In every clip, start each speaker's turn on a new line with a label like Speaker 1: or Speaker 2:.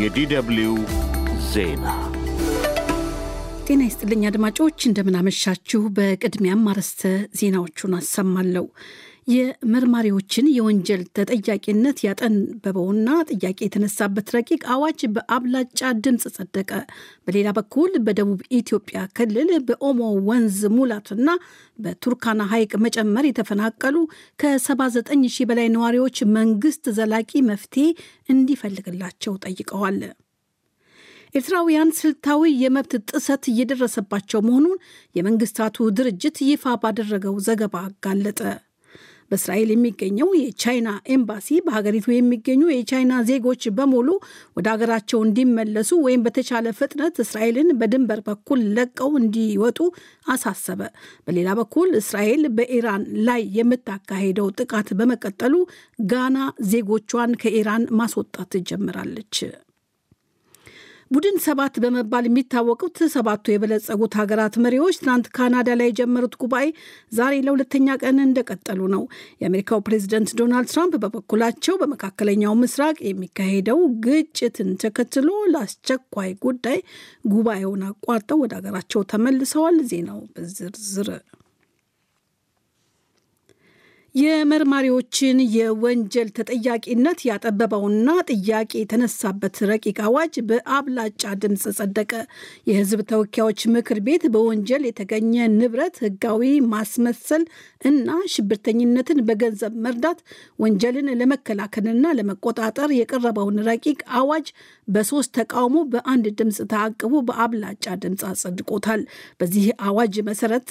Speaker 1: የዲደብሊው ዜና ጤና ይስጥልኝ አድማጮች፣ እንደምናመሻችሁ። በቅድሚያም አርዕስተ ዜናዎቹን አሰማለሁ። የመርማሪዎችን የወንጀል ተጠያቂነት ያጠንበበውና ጥያቄ የተነሳበት ረቂቅ አዋጅ በአብላጫ ድምፅ ጸደቀ። በሌላ በኩል በደቡብ ኢትዮጵያ ክልል በኦሞ ወንዝ ሙላትና በቱርካና ሐይቅ መጨመር የተፈናቀሉ ከ79 ሺህ በላይ ነዋሪዎች መንግስት ዘላቂ መፍትሄ እንዲፈልግላቸው ጠይቀዋል። ኤርትራውያን ስልታዊ የመብት ጥሰት እየደረሰባቸው መሆኑን የመንግስታቱ ድርጅት ይፋ ባደረገው ዘገባ አጋለጠ። በእስራኤል የሚገኘው የቻይና ኤምባሲ በሀገሪቱ የሚገኙ የቻይና ዜጎች በሙሉ ወደ ሀገራቸው እንዲመለሱ ወይም በተቻለ ፍጥነት እስራኤልን በድንበር በኩል ለቀው እንዲወጡ አሳሰበ። በሌላ በኩል እስራኤል በኢራን ላይ የምታካሄደው ጥቃት በመቀጠሉ ጋና ዜጎቿን ከኢራን ማስወጣት ጀምራለች። ቡድን ሰባት በመባል የሚታወቁት ሰባቱ የበለጸጉት ሀገራት መሪዎች ትናንት ካናዳ ላይ የጀመሩት ጉባኤ ዛሬ ለሁለተኛ ቀን እንደቀጠሉ ነው። የአሜሪካው ፕሬዚደንት ዶናልድ ትራምፕ በበኩላቸው በመካከለኛው ምስራቅ የሚካሄደው ግጭትን ተከትሎ ለአስቸኳይ ጉዳይ ጉባኤውን አቋርጠው ወደ ሀገራቸው ተመልሰዋል። ዜናው በዝርዝር የመርማሪዎችን የወንጀል ተጠያቂነት ያጠበበውና ጥያቄ የተነሳበት ረቂቅ አዋጅ በአብላጫ ድምፅ ጸደቀ። የሕዝብ ተወካዮች ምክር ቤት በወንጀል የተገኘ ንብረት ሕጋዊ ማስመሰል እና ሽብርተኝነትን በገንዘብ መርዳት ወንጀልን ለመከላከልና ለመቆጣጠር የቀረበውን ረቂቅ አዋጅ በሶስት ተቃውሞ በአንድ ድምፅ ተአቅቦ በአብላጫ ድምፅ አጸድቆታል። በዚህ አዋጅ መሰረት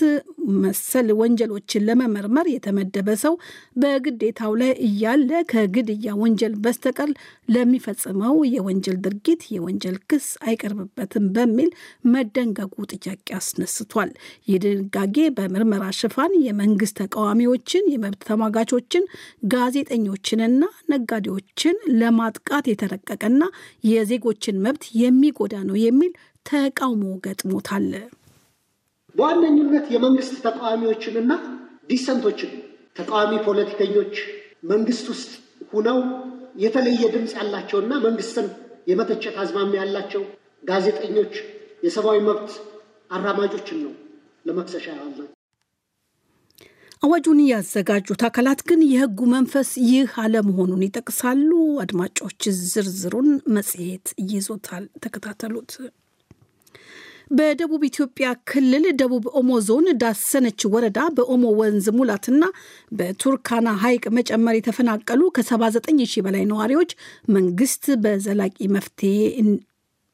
Speaker 1: መሰል ወንጀሎችን ለመመርመር የተመደበ ሰው የሚያስቀጣው በግዴታው ላይ እያለ ከግድያ ወንጀል በስተቀር ለሚፈጽመው የወንጀል ድርጊት የወንጀል ክስ አይቀርብበትም በሚል መደንገጉ ጥያቄ አስነስቷል። ይህ ድንጋጌ በምርመራ ሽፋን የመንግስት ተቃዋሚዎችን፣ የመብት ተሟጋቾችን፣ ጋዜጠኞችንና ነጋዴዎችን ለማጥቃት የተረቀቀና የዜጎችን መብት የሚጎዳ ነው የሚል ተቃውሞ ገጥሞታል። በዋነኝነት የመንግስት ተቃዋሚዎችንና ዲሰንቶችን ተቃዋሚ ፖለቲከኞች መንግስት ውስጥ ሁነው የተለየ ድምፅ ያላቸውና መንግስትን የመተቸት አዝማሚ ያላቸው ጋዜጠኞች፣ የሰብአዊ መብት አራማጆችን ነው ለመክሰሻ ያዋልናል። አዋጁን ያዘጋጁት አካላት ግን የህጉ መንፈስ ይህ አለመሆኑን ይጠቅሳሉ። አድማጮች፣ ዝርዝሩን መጽሔት ይዞታል። ተከታተሉት። በደቡብ ኢትዮጵያ ክልል ደቡብ ኦሞ ዞን ዳሰነች ወረዳ በኦሞ ወንዝ ሙላትና በቱርካና ሐይቅ መጨመር የተፈናቀሉ ከ79 ሺህ በላይ ነዋሪዎች መንግስት በዘላቂ መፍትሄ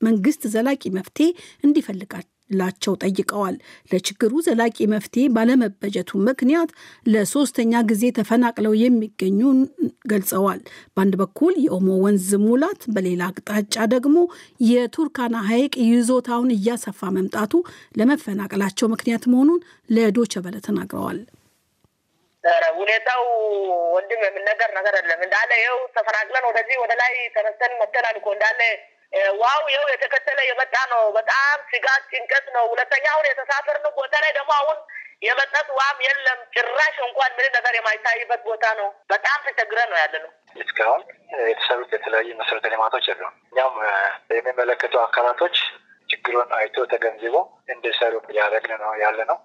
Speaker 1: መንግስት ዘላቂ መፍትሄ እንዲፈልጋቸው ላቸው ጠይቀዋል። ለችግሩ ዘላቂ መፍትሄ ባለመበጀቱ ምክንያት ለሶስተኛ ጊዜ ተፈናቅለው የሚገኙ ገልጸዋል። በአንድ በኩል የኦሞ ወንዝ ሙላት፣ በሌላ አቅጣጫ ደግሞ የቱርካና ሐይቅ ይዞታውን እያሰፋ መምጣቱ ለመፈናቀላቸው ምክንያት መሆኑን ለዶቸበለ በለ ተናግረዋል። ሁኔታው ወንድም የምነገር ነገር አለም እንዳለ ይኸው ተፈናቅለን ወደዚህ ወደ ላይ ተነስተን መተላልኮ እንዳለ ዋው የው የተከተለ የመጣ ነው። በጣም ስጋት ጭንቀት ነው። ሁለተኛ አሁን የተሳፈርን ቦታ ላይ ደግሞ አሁን የመጠጥ ዋም የለም ጭራሽ እንኳን ምንም ነገር የማይታይበት ቦታ ነው። በጣም ተቸግረ ነው ያለ ነው። እስካሁን የተሰሩት የተለያዩ መሰረተ ልማቶች የሉ። እኛም የሚመለከቱ አካላቶች ችግሩን አይቶ ተገንዝቦ እንዲሰሩ እያደረግን ነው ያለ ነው።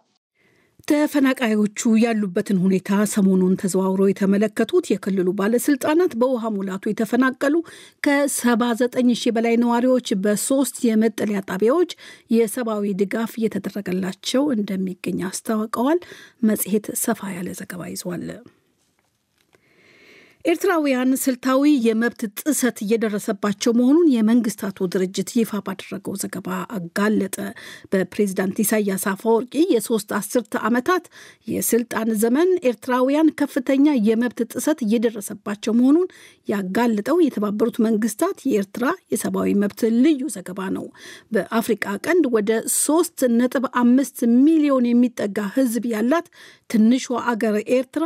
Speaker 1: ተፈናቃዮቹ ያሉበትን ሁኔታ ሰሞኑን ተዘዋውረው የተመለከቱት የክልሉ ባለስልጣናት በውሃ ሙላቱ የተፈናቀሉ ከ79 ሺህ በላይ ነዋሪዎች በሶስት የመጠለያ ጣቢያዎች የሰብአዊ ድጋፍ እየተደረገላቸው እንደሚገኝ አስታውቀዋል። መጽሔት ሰፋ ያለ ዘገባ ይዟል። ኤርትራውያን ስልታዊ የመብት ጥሰት እየደረሰባቸው መሆኑን የመንግስታቱ ድርጅት ይፋ ባደረገው ዘገባ አጋለጠ። በፕሬዝዳንት ኢሳያስ አፈወርቂ የሶስት አስርተ ዓመታት የስልጣን ዘመን ኤርትራውያን ከፍተኛ የመብት ጥሰት እየደረሰባቸው መሆኑን ያጋለጠው የተባበሩት መንግስታት የኤርትራ የሰብአዊ መብት ልዩ ዘገባ ነው። በአፍሪቃ ቀንድ ወደ ሶስት ነጥብ አምስት ሚሊዮን የሚጠጋ ህዝብ ያላት ትንሿ አገር ኤርትራ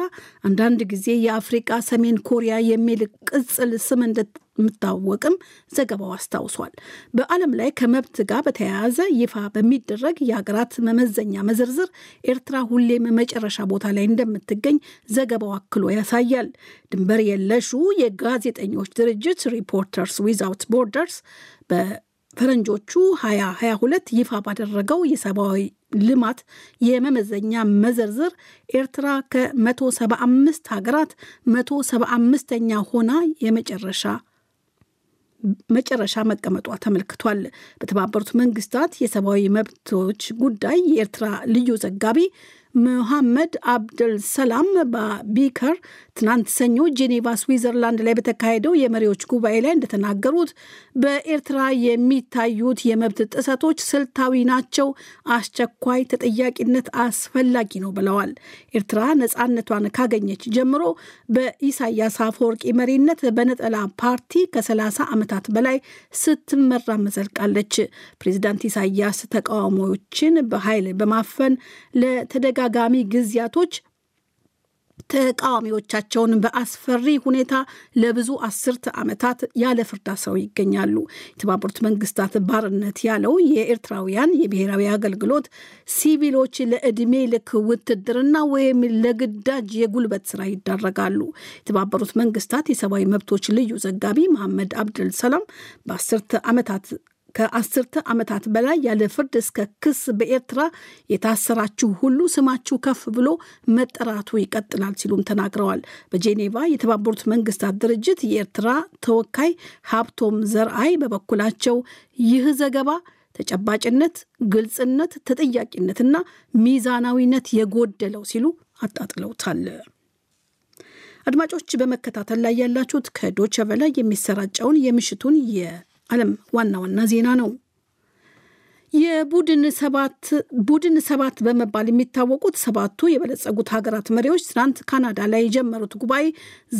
Speaker 1: አንዳንድ ጊዜ የአፍሪቃ ሰሜን ኮሪያ የሚል ቅጽል ስም እንደምታወቅም ዘገባው አስታውሷል። በዓለም ላይ ከመብት ጋር በተያያዘ ይፋ በሚደረግ የሀገራት መመዘኛ መዝርዝር ኤርትራ ሁሌም መጨረሻ ቦታ ላይ እንደምትገኝ ዘገባው አክሎ ያሳያል። ድንበር የለሹ የጋዜጠኞች ድርጅት ሪፖርተርስ ዊዛውት ቦርደርስ በፈረንጆቹ 2022 ይፋ ባደረገው የሰብአዊ ልማት የመመዘኛ መዘርዝር ኤርትራ ከ175 ሀገራት 175ኛ ሆና የመጨረሻ መጨረሻ መቀመጧ ተመልክቷል። በተባበሩት መንግስታት የሰብአዊ መብቶች ጉዳይ የኤርትራ ልዩ ዘጋቢ ሙሐመድ አብድል ሰላም ቢከር ትናንት ሰኞ ጄኔቫ ስዊዘርላንድ ላይ በተካሄደው የመሪዎች ጉባኤ ላይ እንደተናገሩት በኤርትራ የሚታዩት የመብት ጥሰቶች ስልታዊ ናቸው፣ አስቸኳይ ተጠያቂነት አስፈላጊ ነው ብለዋል። ኤርትራ ነፃነቷን ካገኘች ጀምሮ በኢሳያስ አፈወርቂ መሪነት በነጠላ ፓርቲ ከ30 ዓመታት በላይ ስትመራ መዘልቃለች። ፕሬዚዳንት ኢሳያስ ተቃዋሚዎችን በኃይል በማፈን ለተደጋ በተደጋጋሚ ጊዜያቶች ተቃዋሚዎቻቸውን በአስፈሪ ሁኔታ ለብዙ አስርት ዓመታት ያለ ፍርድ አስረው ይገኛሉ። የተባበሩት መንግስታት ባርነት ያለው የኤርትራውያን የብሔራዊ አገልግሎት ሲቪሎች ለዕድሜ ልክ ውትድርና ወይም ለግዳጅ የጉልበት ስራ ይዳረጋሉ። የተባበሩት መንግስታት የሰብአዊ መብቶች ልዩ ዘጋቢ መሐመድ አብድል ሰላም በአስርት ዓመታት ከአስርተ ዓመታት በላይ ያለ ፍርድ እስከ ክስ በኤርትራ የታሰራችሁ ሁሉ ስማችሁ ከፍ ብሎ መጠራቱ ይቀጥላል ሲሉም ተናግረዋል። በጄኔቫ የተባበሩት መንግስታት ድርጅት የኤርትራ ተወካይ ሀብቶም ዘርአይ በበኩላቸው ይህ ዘገባ ተጨባጭነት፣ ግልጽነት፣ ተጠያቂነትና ሚዛናዊነት የጎደለው ሲሉ አጣጥለውታል። አድማጮች በመከታተል ላይ ያላችሁት ከዶቸ በላይ የሚሰራጨውን የምሽቱን ዓለም ዋና ዋና ዜና ነው። የቡድን ሰባት ቡድን ሰባት በመባል የሚታወቁት ሰባቱ የበለጸጉት ሀገራት መሪዎች ትናንት ካናዳ ላይ የጀመሩት ጉባኤ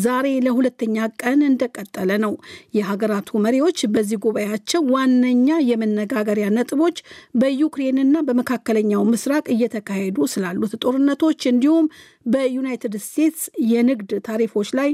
Speaker 1: ዛሬ ለሁለተኛ ቀን እንደቀጠለ ነው። የሀገራቱ መሪዎች በዚህ ጉባኤያቸው ዋነኛ የመነጋገሪያ ነጥቦች በዩክሬንና በመካከለኛው ምስራቅ እየተካሄዱ ስላሉት ጦርነቶች እንዲሁም በዩናይትድ ስቴትስ የንግድ ታሪፎች ላይ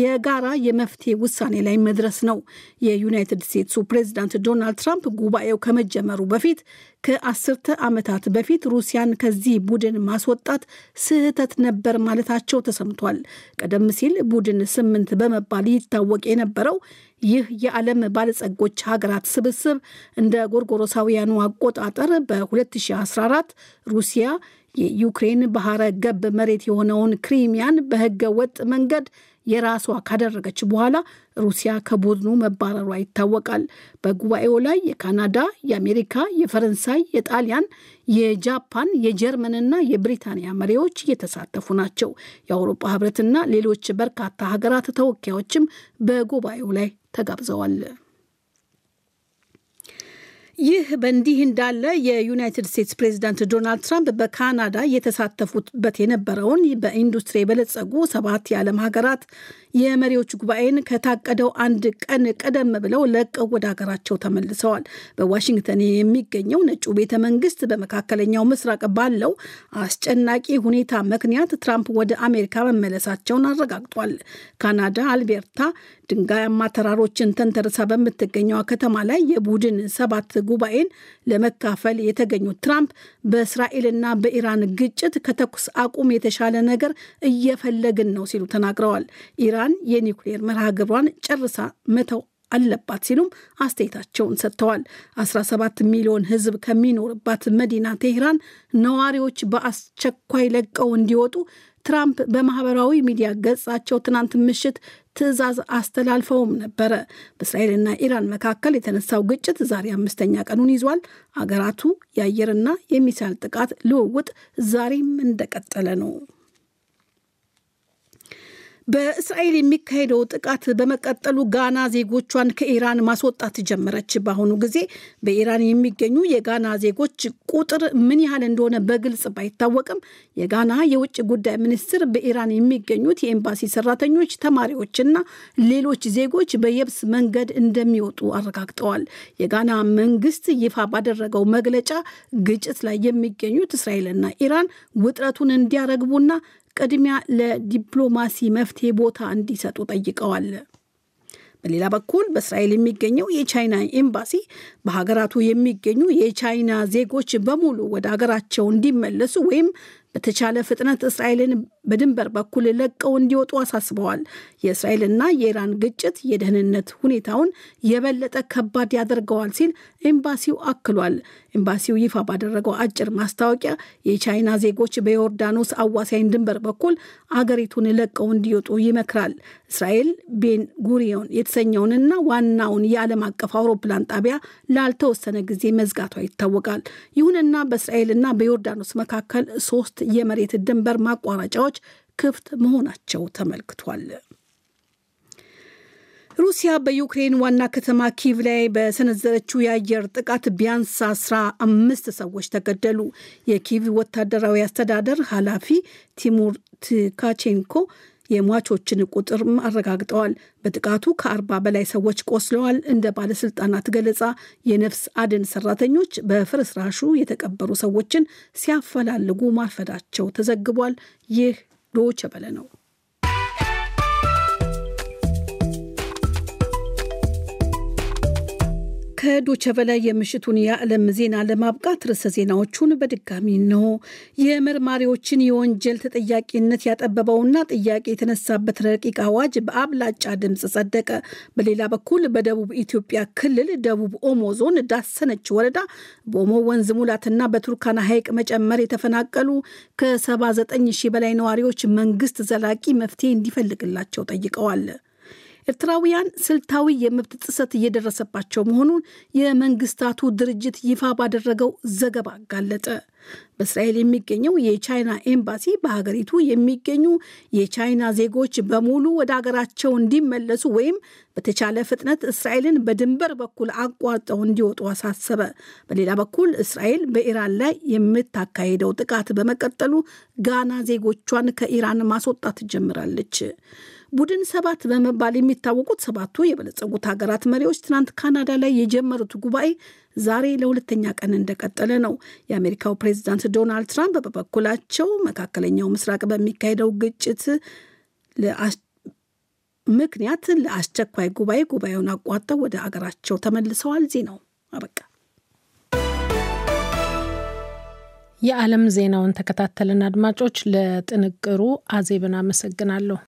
Speaker 1: የጋራ የመፍትሄ ውሳኔ ላይ መድረስ ነው። የዩናይትድ ስቴትሱ ፕሬዚዳንት ዶናልድ ትራምፕ ጉባኤው ከመጀመሩ በፊት ከአስርተ ዓመታት በፊት ሩሲያን ከዚህ ቡድን ማስወጣት ስህተት ነበር ማለታቸው ተሰምቷል። ቀደም ሲል ቡድን ስምንት በመባል ይታወቅ የነበረው ይህ የዓለም ባለጸጎች ሀገራት ስብስብ እንደ ጎርጎሮሳውያኑ አቆጣጠር በ2014 ሩሲያ የዩክሬን ባህረ ገብ መሬት የሆነውን ክሪሚያን በህገ ወጥ መንገድ የራሷ ካደረገች በኋላ ሩሲያ ከቡድኑ መባረሯ ይታወቃል። በጉባኤው ላይ የካናዳ፣ የአሜሪካ፣ የፈረንሳይ፣ የጣሊያን፣ የጃፓን፣ የጀርመንና የብሪታንያ መሪዎች እየተሳተፉ ናቸው። የአውሮፓ ህብረትና ሌሎች በርካታ ሀገራት ተወካዮችም በጉባኤው ላይ ተጋብዘዋል። ይህ በእንዲህ እንዳለ የዩናይትድ ስቴትስ ፕሬዚዳንት ዶናልድ ትራምፕ በካናዳ የተሳተፉበት የነበረውን በኢንዱስትሪ የበለጸጉ ሰባት የዓለም ሀገራት የመሪዎች ጉባኤን ከታቀደው አንድ ቀን ቀደም ብለው ለቀው ወደ ሀገራቸው ተመልሰዋል። በዋሽንግተን የሚገኘው ነጩ ቤተ መንግስት በመካከለኛው ምስራቅ ባለው አስጨናቂ ሁኔታ ምክንያት ትራምፕ ወደ አሜሪካ መመለሳቸውን አረጋግጧል። ካናዳ፣ አልቤርታ፣ ድንጋያማ ተራሮችን ተንተርሳ በምትገኘዋ ከተማ ላይ የቡድን ሰባት ጉባኤን ለመካፈል የተገኙት ትራምፕ በእስራኤልና በኢራን ግጭት ከተኩስ አቁም የተሻለ ነገር እየፈለግን ነው ሲሉ ተናግረዋል። ኢራን የኒውክሌር መርሃ ግብሯን ጨርሳ መተው አለባት ሲሉም አስተያየታቸውን ሰጥተዋል። 17 ሚሊዮን ሕዝብ ከሚኖርባት መዲና ቴህራን ነዋሪዎች በአስቸኳይ ለቀው እንዲወጡ ትራምፕ በማህበራዊ ሚዲያ ገጻቸው ትናንት ምሽት ትዕዛዝ አስተላልፈውም ነበረ። በእስራኤልና ኢራን መካከል የተነሳው ግጭት ዛሬ አምስተኛ ቀኑን ይዟል። አገራቱ የአየርና የሚሳይል ጥቃት ልውውጥ ዛሬም እንደቀጠለ ነው። በእስራኤል የሚካሄደው ጥቃት በመቀጠሉ ጋና ዜጎቿን ከኢራን ማስወጣት ጀመረች። በአሁኑ ጊዜ በኢራን የሚገኙ የጋና ዜጎች ቁጥር ምን ያህል እንደሆነ በግልጽ ባይታወቅም የጋና የውጭ ጉዳይ ሚኒስትር በኢራን የሚገኙት የኤምባሲ ሰራተኞች፣ ተማሪዎችና ሌሎች ዜጎች በየብስ መንገድ እንደሚወጡ አረጋግጠዋል። የጋና መንግስት ይፋ ባደረገው መግለጫ ግጭት ላይ የሚገኙት እስራኤልና ኢራን ውጥረቱን እንዲያረግቡና ቅድሚያ ለዲፕሎማሲ መፍትሄ ቦታ እንዲሰጡ ጠይቀዋል። በሌላ በኩል በእስራኤል የሚገኘው የቻይና ኤምባሲ በሀገራቱ የሚገኙ የቻይና ዜጎች በሙሉ ወደ ሀገራቸው እንዲመለሱ ወይም በተቻለ ፍጥነት እስራኤልን በድንበር በኩል ለቀው እንዲወጡ አሳስበዋል። የእስራኤልና የኢራን ግጭት የደህንነት ሁኔታውን የበለጠ ከባድ ያደርገዋል ሲል ኤምባሲው አክሏል። ኤምባሲው ይፋ ባደረገው አጭር ማስታወቂያ የቻይና ዜጎች በዮርዳኖስ አዋሳኝ ድንበር በኩል አገሪቱን ለቀው እንዲወጡ ይመክራል። እስራኤል ቤን ጉሪዮን የተሰኘውንና ዋናውን የዓለም አቀፍ አውሮፕላን ጣቢያ ላልተወሰነ ጊዜ መዝጋቷ ይታወቃል። ይሁንና በእስራኤልና በዮርዳኖስ መካከል ሶስት የመሬት ድንበር ማቋረጫዎች ክፍት መሆናቸው ተመልክቷል። ሩሲያ በዩክሬን ዋና ከተማ ኪቭ ላይ በሰነዘረችው የአየር ጥቃት ቢያንስ አስራ አምስት ሰዎች ተገደሉ። የኪቭ ወታደራዊ አስተዳደር ኃላፊ ቲሙር ትካቼንኮ የሟቾችን ቁጥርም አረጋግጠዋል። በጥቃቱ ከአርባ በላይ ሰዎች ቆስለዋል። እንደ ባለስልጣናት ገለጻ የነፍስ አድን ሰራተኞች በፍርስራሹ የተቀበሩ ሰዎችን ሲያፈላልጉ ማርፈዳቸው ተዘግቧል። ይህ ዶቸ ነው። ከዶቸበለ የምሽቱን የዓለም ዜና ለማብቃት ርዕሰ ዜናዎቹን በድጋሚ ነው። የመርማሪዎችን የወንጀል ተጠያቂነት ያጠበበውና ጥያቄ የተነሳበት ረቂቅ አዋጅ በአብላጫ ድምፅ ጸደቀ። በሌላ በኩል በደቡብ ኢትዮጵያ ክልል ደቡብ ኦሞ ዞን ዳሰነች ወረዳ በኦሞ ወንዝ ሙላትና በቱርካና ሐይቅ መጨመር የተፈናቀሉ ከ79 ሺህ በላይ ነዋሪዎች መንግስት ዘላቂ መፍትሄ እንዲፈልግላቸው ጠይቀዋል። ኤርትራውያን ስልታዊ የመብት ጥሰት እየደረሰባቸው መሆኑን የመንግስታቱ ድርጅት ይፋ ባደረገው ዘገባ አጋለጠ። በእስራኤል የሚገኘው የቻይና ኤምባሲ በሀገሪቱ የሚገኙ የቻይና ዜጎች በሙሉ ወደ ሀገራቸው እንዲመለሱ ወይም በተቻለ ፍጥነት እስራኤልን በድንበር በኩል አቋርጠው እንዲወጡ አሳሰበ። በሌላ በኩል እስራኤል በኢራን ላይ የምታካሄደው ጥቃት በመቀጠሉ ጋና ዜጎቿን ከኢራን ማስወጣት ጀምራለች። ቡድን ሰባት በመባል የሚታወቁት ሰባቱ የበለጸጉት ሀገራት መሪዎች ትናንት ካናዳ ላይ የጀመሩት ጉባኤ ዛሬ ለሁለተኛ ቀን እንደቀጠለ ነው። የአሜሪካው ፕሬዚዳንት ዶናልድ ትራምፕ በበኩላቸው መካከለኛው ምስራቅ በሚካሄደው ግጭት ምክንያት ለአስቸኳይ ጉባኤ ጉባኤውን አቋርጠው ወደ አገራቸው ተመልሰዋል። ዜናው አበቃ። የዓለም ዜናውን ተከታተልን አድማጮች። ለጥንቅሩ አዜብን አመሰግናለሁ።